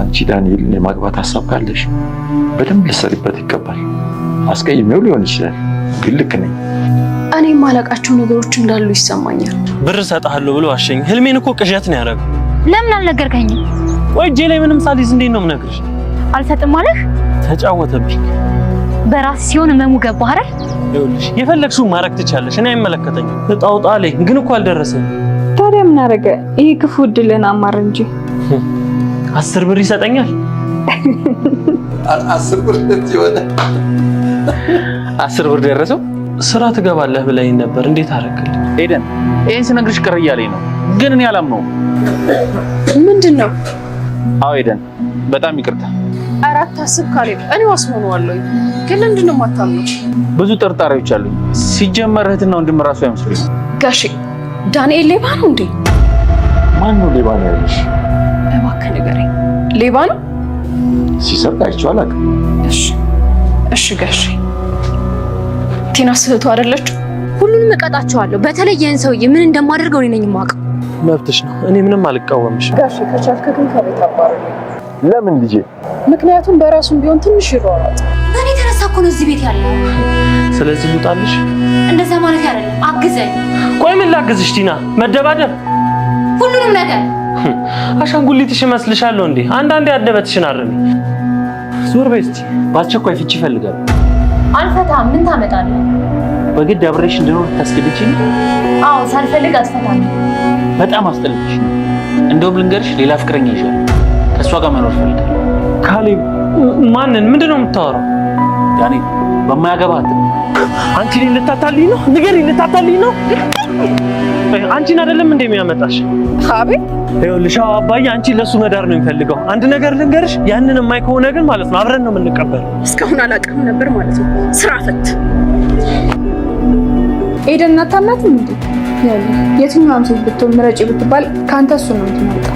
አንቺ ዳንኤልን የማግባት ሀሳብ ካለሽ በደንብ ልትሰሪበት ይገባል። አስቀይሜው ሊሆን ይችላል፣ ግን ልክ ነኝ። እኔ የማላውቃቸው ነገሮች እንዳሉ ይሰማኛል። ብር እሰጥሃለሁ ብሎ አሸኝ። ህልሜን እኮ ቅዠት ነው ያደረገው። ለምን አልነገርከኝ? ወይ እጄ ላይ ምንም ሳልይዝ እንዴት ነው የምነግርሽ? አልሰጥም አለህ? ተጫወተብኝ። በራስ ሲሆን ህመሙ ገባ አይደል? ይኸውልሽ የፈለግሽውን ማድረግ ትቻለሽ፣ እኔ አይመለከተኝም። እጣው ጣለኝ፣ ግን እኮ አልደረሰኝም። ታዲያ ምን አደረገ? ይሄ ክፉ እድልን አማር እንጂ አስር ብር ይሰጠኛል። አስር ብር ይሆነ አስር ብር ደረሰው። ስራ ትገባለህ ብለኝ ነበር። እንዴት አደረግልኝ? ኤደን ይህን ስነግርሽ ቅር እያለኝ ነው፣ ግን እኔ አላምነውም። ምንድን ነው? አዎ ኤደን በጣም ይቅርታ። አራት አስብ ካሌ እኔ ዋስ አለኝ። ግን ምንድን ነው የማታምነው? ብዙ ጥርጣሬዎች አሉኝ። ሲጀመር እህትና ወንድም ራሱ አይመስሉኝ። ጋሼ ዳንኤል ሌባ ነው እንዴ? ማን ነው ሌባ ነው ያለሽ? ሌባ ነው ሲሰርቅ አይቼው አላውቅም። እሺ እሺ ጋሽ ቲና ስህቱ አይደለችው። ሁሉንም እቀጣቸዋለሁ። በተለይ ይህን ሰውዬ ምን እንደማደርገው እኔ ነኝ የማውቀው። መብትሽ ነው። እኔ ምንም አልቃወምሽ። ጋሽ ከቻልክ ግን ከቤት አባረኝ። ለምን ልጄ? ምክንያቱም በራሱም ቢሆን ትንሽ ይሯሯጥ። እኔ ተነሳ እኮ ነው እዚህ ቤት ያለው። ስለዚህ ልውጣልሽ? እንደዛ ማለት አይደለም። አግዘኝ። ቆይ ምን ላግዝሽ ቲና? መደባደብ፣ ሁሉንም ነገር አሻንጉሊትሽ እመስልሻለሁ እንዴ? አንዳንዴ አደበትሽን አርሚ። ዞር በይ እስኪ። በአስቸኳይ ፍቺ ይፈልጋል። አልፈታም። ምን ታመጣለህ? በግድ አብሬሽ እንድኖር ታስገድጂኝ? አዎ፣ ሳልፈልግ አትፈታም። በጣም አስጠልጥሽ። እንደውም ልንገርሽ፣ ሌላ ፍቅረኛ ይሻል። ከእሷ ጋር መኖር ፈልጋል። ካሌብ፣ ማንን? ምንድን ነው የምታወራው? ያኔ በማያገባ አንቺ ልጅ ልታታልኝ ነው? ንገሪኝ፣ ልታታልኝ ነው? አንቺን አይደለም እንደሚያመጣሽ አቤት ይኸውልሽ አባዬ አንቺ ለሱ መዳር ነው የሚፈልገው። አንድ ነገር ልንገርሽ፣ ያንን የማይ ከሆነ ግን ማለት ነው አብረን ነው የምንቀበል። እስካሁን አላውቅም ነበር ማለት ነው። ስራ ፈት ኤደን እናታናት እንዴ? የትኛውም ሴት ብትሆን ምረጪ ብትባል ከአንተ እሱ ነው የምትመርጠው።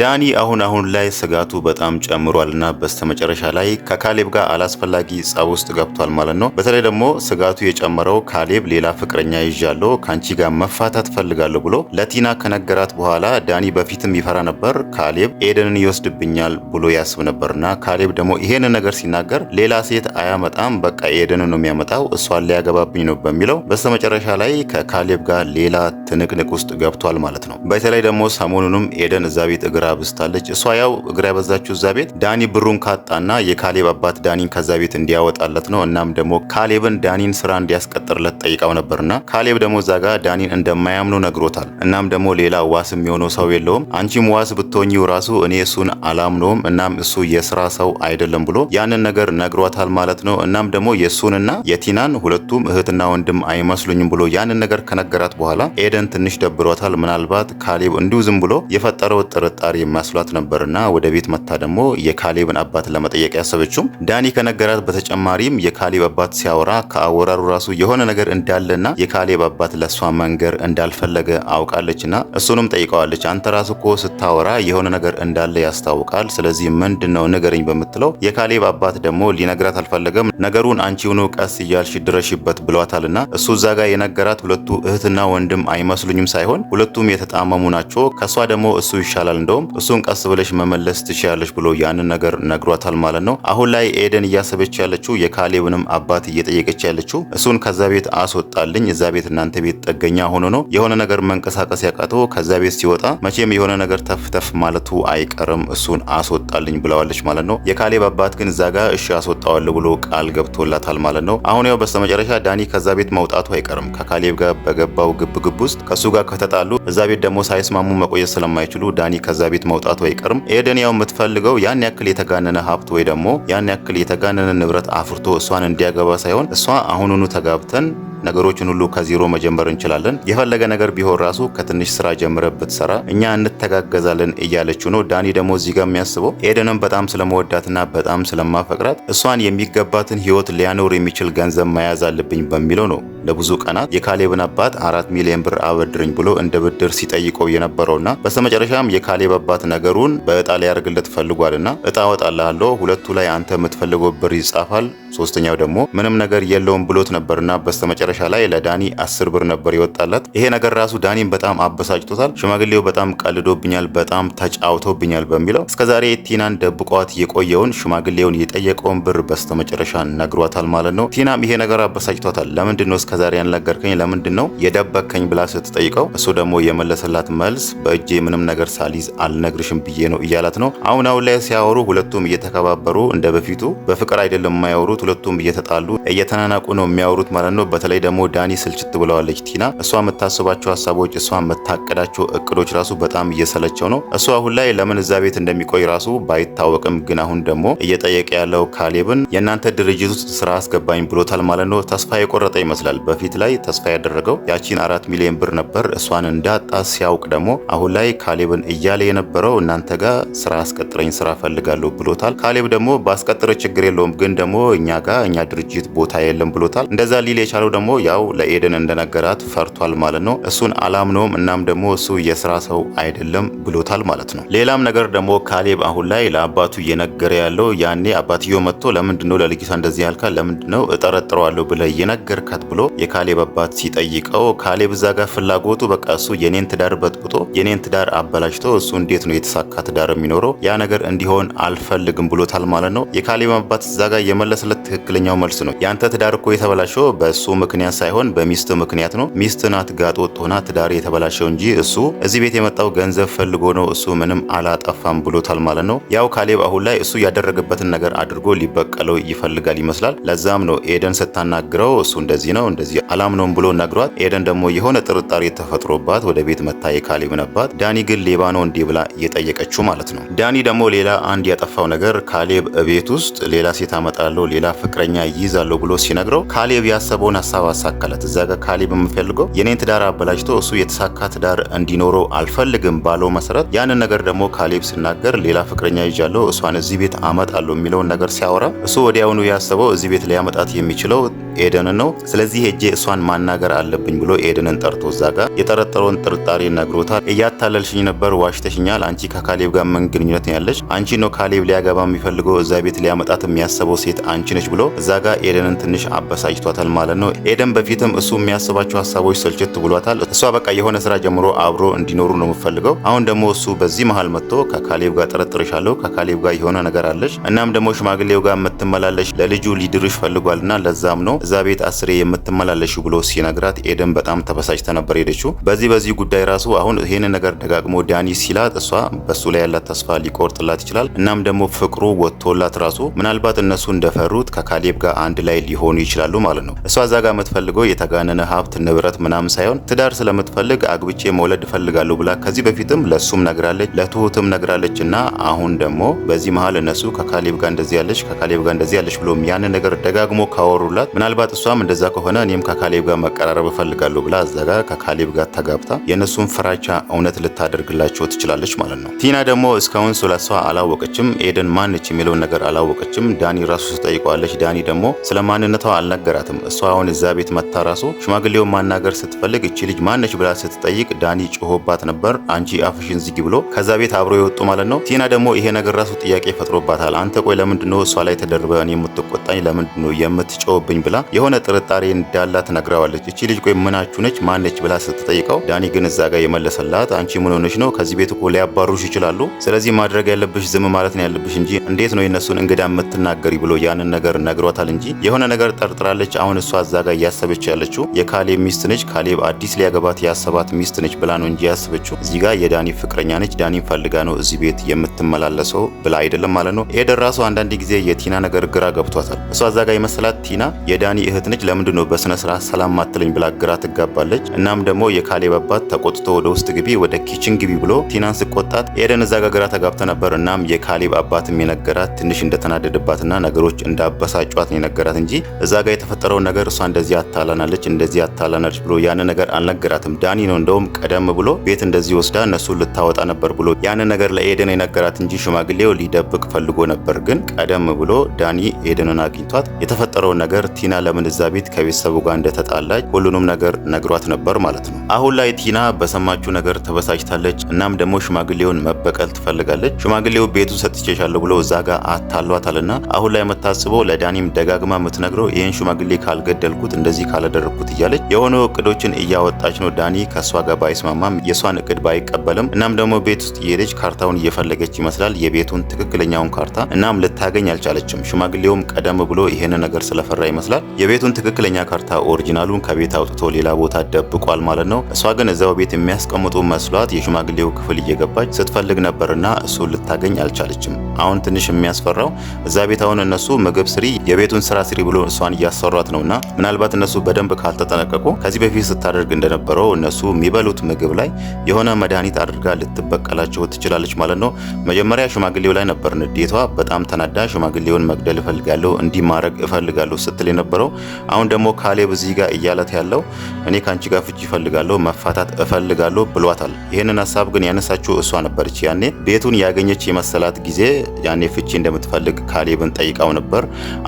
ዳኒ አሁን አሁን ላይ ስጋቱ በጣም ጨምሯልና በስተመጨረሻ ላይ ከካሌብ ጋር አላስፈላጊ ጸብ ውስጥ ገብቷል ማለት ነው። በተለይ ደግሞ ስጋቱ የጨመረው ካሌብ ሌላ ፍቅረኛ ይዣለሁ ከአንቺ ጋር መፋታት ፈልጋለሁ ብሎ ለቲና ከነገራት በኋላ ዳኒ በፊትም ይፈራ ነበር። ካሌብ ኤደንን ይወስድብኛል ብሎ ያስብ ነበርና ካሌብ ደግሞ ይሄን ነገር ሲናገር ሌላ ሴት አያመጣም፣ በቃ ኤደንን ነው የሚያመጣው፣ እሷን ሊያገባብኝ ነው በሚለው በስተመጨረሻ ላይ ከካሌብ ጋር ሌላ ትንቅንቅ ውስጥ ገብቷል ማለት ነው። በተለይ ደግሞ ሰሞኑንም ኤደን እዛ ቤት እግር እግር አብስታለች። እሷ ያው እግር ያበዛችው እዛ ቤት ዳኒ ብሩን ካጣና የካሌብ አባት ዳኒን ከዛ ቤት እንዲያወጣለት ነው። እናም ደግሞ ካሌብን ዳኒን ስራ እንዲያስቀጥርለት ጠይቃው ነበርና ካሌብ ደግሞ እዛ ጋር ዳኒን እንደማያምኑ ነግሮታል። እናም ደግሞ ሌላ ዋስ የሚሆነው ሰው የለውም፣ አንቺም ዋስ ብትሆኚው ራሱ እኔ እሱን አላምነውም፣ እናም እሱ የስራ ሰው አይደለም ብሎ ያንን ነገር ነግሯታል ማለት ነው። እናም ደግሞ የእሱንና የቲናን ሁለቱም እህትና ወንድም አይመስሉኝም ብሎ ያንን ነገር ከነገራት በኋላ ኤደን ትንሽ ደብሯታል። ምናልባት ካሌብ እንዲሁ ዝም ብሎ የፈጠረው ጥርጣሬ ፈጣሪ የሚያስሏት ነበርና ወደ ቤት መታ ደግሞ የካሌብን አባት ለመጠየቅ ያሰበችው ዳኒ ከነገራት በተጨማሪም የካሌብ አባት ሲያወራ ከአወራሩ ራሱ የሆነ ነገር እንዳለና የካሌብ አባት ለእሷ መንገር እንዳልፈለገ አውቃለችና እሱንም ጠይቀዋለች። አንተ ራስ እኮ ስታወራ የሆነ ነገር እንዳለ ያስታውቃል። ስለዚህ ምንድን ነው ንገረኝ በምትለው የካሌብ አባት ደግሞ ሊነግራት አልፈለገም። ነገሩን አንቺውኑ ቀስ እያልሽ ድረሽበት ብሏታልና እሱ እዛ ጋር የነገራት ሁለቱ እህትና ወንድም አይመስሉኝም ሳይሆን ሁለቱም የተጣመሙ ናቸው። ከእሷ ደግሞ እሱ ይሻላል እንደውም ስለሚኖረውም እሱን ቀስ ብለሽ መመለስ ትችያለሽ ብሎ ያንን ነገር ነግሯታል ማለት ነው። አሁን ላይ ኤደን እያሰበች ያለችው የካሌብንም አባት እየጠየቀች ያለችው እሱን ከዛ ቤት አስወጣልኝ፣ እዛ ቤት እናንተ ቤት ጥገኛ ሆኖ ነው የሆነ ነገር መንቀሳቀስ ያቃተው ከዛ ቤት ሲወጣ መቼም የሆነ ነገር ተፍተፍ ማለቱ አይቀርም እሱን አስወጣልኝ ብለዋለች ማለት ነው። የካሌብ አባት ግን እዛ ጋር እሺ አስወጣዋለሁ ብሎ ቃል ገብቶላታል ማለት ነው። አሁን ያው በስተመጨረሻ ዳኒ ከዛ ቤት መውጣቱ አይቀርም ከካሌብ ጋር በገባው ግብ ግብ ውስጥ ከእሱ ጋር ከተጣሉ እዛ ቤት ደግሞ ሳይስማሙ መቆየት ስለማይችሉ ዳኒ ከዛ ቤት መውጣቱ አይቀርም። ኤደን ያው የምትፈልገው ያን ያክል የተጋነነ ሀብት ወይ ደግሞ ያን ያክል የተጋነነ ንብረት አፍርቶ እሷን እንዲያገባ ሳይሆን እሷ አሁኑኑ ተጋብተን ነገሮችን ሁሉ ከዜሮ መጀመር እንችላለን። የፈለገ ነገር ቢሆን ራሱ ከትንሽ ስራ ጀምረ ብትሰራ እኛ እንተጋገዛለን እያለችው ነው። ዳኒ ደግሞ እዚህ ጋር የሚያስበው ኤደንም በጣም ስለመወዳትና በጣም ስለማፈቅራት እሷን የሚገባትን ህይወት ሊያኖር የሚችል ገንዘብ መያዝ አለብኝ በሚለው ነው። ለብዙ ቀናት የካሌብን አባት አራት ሚሊዮን ብር አበድርኝ ብሎ እንደ ብድር ሲጠይቀው የነበረውና በስተመጨረሻም የካሌብ አባት ነገሩን በእጣ ሊያደርግለት ፈልጓልና እጣ ወጣላለ ሁለቱ ላይ አንተ የምትፈልገው ብር ይጻፋል፣ ሶስተኛው ደግሞ ምንም ነገር የለውም ብሎት ነበርና በስተመጨረሻ መጨረሻ ላይ ለዳኒ አስር ብር ነበር ይወጣላት ይሄ ነገር ራሱ ዳኒን በጣም አበሳጭቶታል። ሽማግሌው በጣም ቀልዶብኛል፣ በጣም ተጫውቶብኛል በሚለው እስከዛሬ ቲናን ደብቋት የቆየውን ሽማግሌውን የጠየቀውን ብር በስተመጨረሻ ነግሯታል ማለት ነው። ቲናም ይሄ ነገር አበሳጭቷታል። ለምንድን ነው እስከዛሬ ያልነገርከኝ? ለምንድን ነው የደበከኝ? ብላ ስትጠይቀው እሱ ደግሞ የመለሰላት መልስ በእጄ ምንም ነገር ሳሊዝ አልነግርሽም ብዬ ነው እያላት ነው። አሁን አሁን ላይ ሲያወሩ ሁለቱም እየተከባበሩ እንደ በፊቱ በፍቅር አይደለም የማያወሩት። ሁለቱም እየተጣሉ እየተናናቁ ነው የሚያወሩት ማለት ነው። በተለይ ደግሞ ዳኒ ስልችት ብለዋለች ቲና። እሷ የምታስባቸው ሀሳቦች፣ እሷ የምታቅዳቸው እቅዶች ራሱ በጣም እየሰለቸው ነው። እሱ አሁን ላይ ለምን እዛ ቤት እንደሚቆይ ራሱ ባይታወቅም፣ ግን አሁን ደግሞ እየጠየቀ ያለው ካሌብን የእናንተ ድርጅት ውስጥ ስራ አስገባኝ ብሎታል ማለት ነው። ተስፋ የቆረጠ ይመስላል። በፊት ላይ ተስፋ ያደረገው ያቺን አራት ሚሊዮን ብር ነበር። እሷን እንዳጣ ሲያውቅ ደግሞ አሁን ላይ ካሌብን እያለ የነበረው እናንተ ጋር ስራ አስቀጥረኝ፣ ስራ ፈልጋለሁ ብሎታል። ካሌብ ደግሞ ባስቀጥረ ችግር የለውም ግን ደግሞ እኛ ጋር እኛ ድርጅት ቦታ የለም ብሎታል። እንደዛ ሊል የቻለው ደግሞ ያው ለኤደን እንደነገራት ፈርቷል ማለት ነው። እሱን አላምነውም። እናም ደግሞ እሱ የስራ ሰው አይደለም ብሎታል ማለት ነው። ሌላም ነገር ደግሞ ካሌብ አሁን ላይ ለአባቱ እየነገረ ያለው ያኔ አባትዮ መጥቶ ለምንድን ነው ለልጅቷ እንደዚህ ያልካ ለምንድን ነው እጠረጥረዋለሁ ብለ እየነገርካት ብሎ የካሌብ አባት ሲጠይቀው ካሌብ እዛ ጋር ፍላጎቱ በቃ እሱ የኔን ትዳር በጥብጦ የኔን ትዳር አበላሽቶ እሱ እንዴት ነው የተሳካ ትዳር የሚኖረው ያ ነገር እንዲሆን አልፈልግም ብሎታል ማለት ነው። የካሌብ አባት እዛ ጋር የመለሰለት ትክክለኛው መልስ ነው ያንተ ትዳር እኮ የተበላሸው በእሱ ምክ ምክንያት ሳይሆን በሚስቱ ምክንያት ነው። ሚስት ናት ጋጥ ወጥ ሆና ትዳር የተበላሸው እንጂ እሱ እዚህ ቤት የመጣው ገንዘብ ፈልጎ ነው፣ እሱ ምንም አላጠፋም ብሎታል ማለት ነው። ያው ካሌብ አሁን ላይ እሱ ያደረገበትን ነገር አድርጎ ሊበቀለው ይፈልጋል ይመስላል። ለዛም ነው ኤደን ስታናግረው እሱ እንደዚህ ነው እንደዚህ አላምነውም ብሎ ነግሯት፣ ኤደን ደግሞ የሆነ ጥርጣሬ ተፈጥሮባት ወደ ቤት መታ የካሌብ ነባት ዳኒ ግን ሌባ ነው እንዲህ ብላ እየጠየቀችው ማለት ነው። ዳኒ ደግሞ ሌላ አንድ ያጠፋው ነገር ካሌብ ቤት ውስጥ ሌላ ሴት አመጣለሁ ሌላ ፍቅረኛ ይይዛለሁ ብሎ ሲነግረው ካሌብ ያሰበውን ሀሳብ ሀሳብ አሳካላት። እዛ ጋር ካሌብ የምፈልገው የኔን ትዳር አበላሽቶ እሱ የተሳካ ትዳር እንዲኖረው አልፈልግም ባለው መሰረት ያንን ነገር ደግሞ ካሌብ ሲናገር ሌላ ፍቅረኛ ይዣለሁ እሷን እዚህ ቤት አመጣለሁ የሚለውን ነገር ሲያወራ እሱ ወዲያውኑ ያሰበው እዚህ ቤት ሊያመጣት የሚችለው ኤደን ነው። ስለዚህ ሄጄ እሷን ማናገር አለብኝ ብሎ ኤደንን ጠርቶ እዛ ጋር የጠረጠረውን ጥርጣሬ ነግሮታል። እያታለልሽኝ ነበር፣ ዋሽተሽኛል። አንቺ ከካሌብ ጋር ምን ግንኙነት ያለች? አንቺ ነው ካሌብ ሊያገባ የሚፈልገው እዛ ቤት ሊያመጣት የሚያስበው ሴት አንቺ ነች ብሎ እዛ ጋር ኤደንን ትንሽ አበሳጭቷታል ማለት ነው። ኤደን በፊትም እሱ የሚያስባቸው ሀሳቦች ሰልችት ብሏታል። እሷ በቃ የሆነ ስራ ጀምሮ አብሮ እንዲኖሩ ነው የምፈልገው። አሁን ደግሞ እሱ በዚህ መሀል መጥቶ ከካሌብ ጋር ጠረጥርሻለሁ፣ ከካሌብ ጋር የሆነ ነገር አለች፣ እናም ደግሞ ሽማግሌው ጋር የምትመላለሽ ለልጁ ሊድርሽ ፈልጓልና ለዛም ነው እዛ ቤት አስሬ የምትመላለሹ ብሎ ሲነግራት ኤደን በጣም ተበሳጭታ ነበር ሄደችው። በዚህ በዚህ ጉዳይ ራሱ አሁን ይህን ነገር ደጋግሞ ዳኒ ሲላት እሷ በሱ ላይ ያላት ተስፋ ሊቆርጥላት ይችላል። እናም ደግሞ ፍቅሩ ወጥቶላት ራሱ ምናልባት እነሱ እንደፈሩት ከካሌብ ጋር አንድ ላይ ሊሆኑ ይችላሉ ማለት ነው። እሷ እዛ ጋር የምትፈልገው የተጋነነ ሀብት ንብረት ምናምን ሳይሆን ትዳር ስለምትፈልግ አግብቼ መውለድ እፈልጋለሁ ብላ ከዚህ በፊትም ለሱም ነግራለች፣ ለትሁትም ነግራለች። እና አሁን ደግሞ በዚህ መሀል እነሱ ከካሌብ ጋር እንደዚህ ያለች ከካሌብ ጋር እንደዚህ ያለች ብሎም ያንን ነገር ደጋግሞ ካወሩላት ምናልባት ምናልባት እሷም እንደዛ ከሆነ እኔም ከካሌብ ጋር መቀራረብ እፈልጋለሁ ብላ እዛ ጋር ከካሌብ ጋር ተጋብታ የእነሱን ፍራቻ እውነት ልታደርግላቸው ትችላለች ማለት ነው። ቲና ደግሞ እስካሁን ስለሷ አላወቀችም። ኤደን ማነች የሚለውን ነገር አላወቀችም። ዳኒ ራሱ ትጠይቀዋለች። ዳኒ ደግሞ ስለ ማንነቷ አልነገራትም። እሷ አሁን እዛ ቤት መታ ራሱ ሽማግሌውን ማናገር ስትፈልግ እቺ ልጅ ማነች ብላ ስትጠይቅ ዳኒ ጮሆባት ነበር። አንቺ አፍሽን ዝጊ ብሎ ከዛ ቤት አብሮ የወጡ ማለት ነው። ቲና ደግሞ ይሄ ነገር ራሱ ጥያቄ ፈጥሮባታል። አንተ ቆይ ለምንድነው እሷ ላይ ተደርበን የምትቆጣኝ? ለምንድነው የምትጮህብኝ? ብላ የሆነ ጥርጣሬ እንዳላት ነግረዋለች። እቺ ልጅ ቆይ ምናችሁ ነች ማነች ብላ ስትጠይቀው ዳኒ ግን እዛ ጋር የመለሰላት አንቺ ምን ሆነች ነው ከዚህ ቤት እኮ ሊያባሩሽ ይችላሉ። ስለዚህ ማድረግ ያለብሽ ዝም ማለት ነው ያለብሽ እንጂ እንዴት ነው የነሱን እንግዳ የምትናገሪ ብሎ ያንን ነገር ነግሯታል እንጂ የሆነ ነገር ጠርጥራለች። አሁን እሷ እዛ ጋር እያሰበች ያለችው የካሌብ ሚስት ነች፣ ካሌብ አዲስ ሊያገባት ያሰባት ሚስት ነች ብላ ነው እንጂ ያሰበችው እዚህ ጋር የዳኒ ፍቅረኛ ነች፣ ዳኒ ፈልጋ ነው እዚህ ቤት የምትመላለሰው ብላ አይደለም ማለት ነው። ኤደን ራሱ አንዳንድ ጊዜ የቲና ነገር ግራ ገብቷታል። እሷ እዛ ጋር የመሰላት ቲና የዳ የዳኒ እህት ነች። ለምንድን ነው በስነ ስርዓት ሰላም ማትለኝ ብላ ግራ ትጋባለች። እናም ደግሞ የካሌብ አባት ተቆጥቶ ወደ ውስጥ ግቢ፣ ወደ ኪችን ግቢ ብሎ ቲናን ስቆጣት ኤደን እዛ ጋ ግራ ተጋብተ ነበር። እናም የካሌብ አባት የነገራት ትንሽ እንደተናደደባትና ነገሮች እንዳበሳጯት ነው የነገራት እንጂ እዛ ጋ የተፈጠረውን ነገር እሷ እንደዚህ አታላናለች፣ እንደዚህ አታላናለች ብሎ ያንን ነገር አልነገራትም። ዳኒ ነው እንደውም ቀደም ብሎ ቤት እንደዚህ ወስዳ እነሱ ልታወጣ ነበር ብሎ ያንን ነገር ለኤደን የነገራት እንጂ ሽማግሌው ሊደብቅ ፈልጎ ነበር። ግን ቀደም ብሎ ዳኒ ኤደንን አግኝቷት የተፈጠረውን ነገር ቲና ለምን እዛ ቤት ከቤተሰቡ ጋር እንደተጣላች ሁሉንም ነገር ነግሯት ነበር ማለት ነው። አሁን ላይ ቲና በሰማችው ነገር ተበሳጭታለች። እናም ደግሞ ሽማግሌውን መበቀል ትፈልጋለች። ሽማግሌው ቤቱን ሰጥቼሻለሁ ብሎ እዛ ጋር አታሏታልና አሁን ላይ የምታስበው ለዳኒም ደጋግማ የምትነግረው ይህን ሽማግሌ ካልገደልኩት እንደዚህ ካላደረግኩት እያለች የሆነ እቅዶችን እያወጣች ነው። ዳኒ ከእሷ ጋር ባይስማማም የእሷን እቅድ ባይቀበልም እናም ደግሞ ቤት ውስጥ እየሄደች ካርታውን እየፈለገች ይመስላል የቤቱን ትክክለኛውን ካርታ እናም ልታገኝ አልቻለችም። ሽማግሌውም ቀደም ብሎ ይህን ነገር ስለፈራ ይመስላል የቤቱን ትክክለኛ ካርታ ኦሪጂናሉን ከቤት አውጥቶ ሌላ ቦታ ደብቋል ማለት ነው። እሷ ግን እዛው ቤት የሚያስቀምጡ መስሏት የሽማግሌው ክፍል እየገባች ስትፈልግ ነበርና እሱን ልታገኝ አልቻለችም። አሁን ትንሽ የሚያስፈራው እዛ ቤት አሁን እነሱ ምግብ ስሪ፣ የቤቱን ስራ ስሪ ብሎ እሷን እያሰሯት ነውና ምናልባት እነሱ በደንብ ካልተጠነቀቁ ከዚህ በፊት ስታደርግ እንደነበረው እነሱ የሚበሉት ምግብ ላይ የሆነ መድኃኒት አድርጋ ልትበቀላቸው ትችላለች ማለት ነው። መጀመሪያ ሽማግሌው ላይ ነበር ንዴቷ። በጣም ተናዳ ሽማግሌውን መግደል እፈልጋለሁ፣ እንዲህ ማድረግ እፈልጋለሁ ስትል የነበር የነበረው። አሁን ደግሞ ካሌብ እዚህ ጋር እያለት ያለው እኔ ከአንቺ ጋር ፍቺ እፈልጋለሁ፣ መፋታት እፈልጋለሁ ብሏታል። ይህንን ሀሳብ ግን ያነሳችው እሷ ነበረች። ያኔ ቤቱን ያገኘች የመሰላት ጊዜ ያኔ ፍቺ እንደምትፈልግ ካሌብን ጠይቃው ነበር።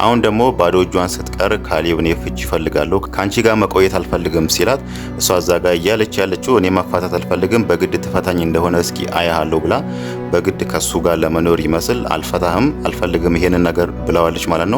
አሁን ደግሞ ባዶ እጇን ስትቀር ካሌብ እኔ ፍቺ እፈልጋለሁ፣ ከአንቺ ጋር መቆየት አልፈልግም ሲላት እሷ እዛ ጋር እያለች ያለችው እኔ መፋታት አልፈልግም፣ በግድ ትፈታኝ እንደሆነ እስኪ አያሃለሁ ብላ በግድ ከሱ ጋር ለመኖር ይመስል አልፈታህም፣ አልፈልግም ይሄንን ነገር ብለዋለች ማለት ነው።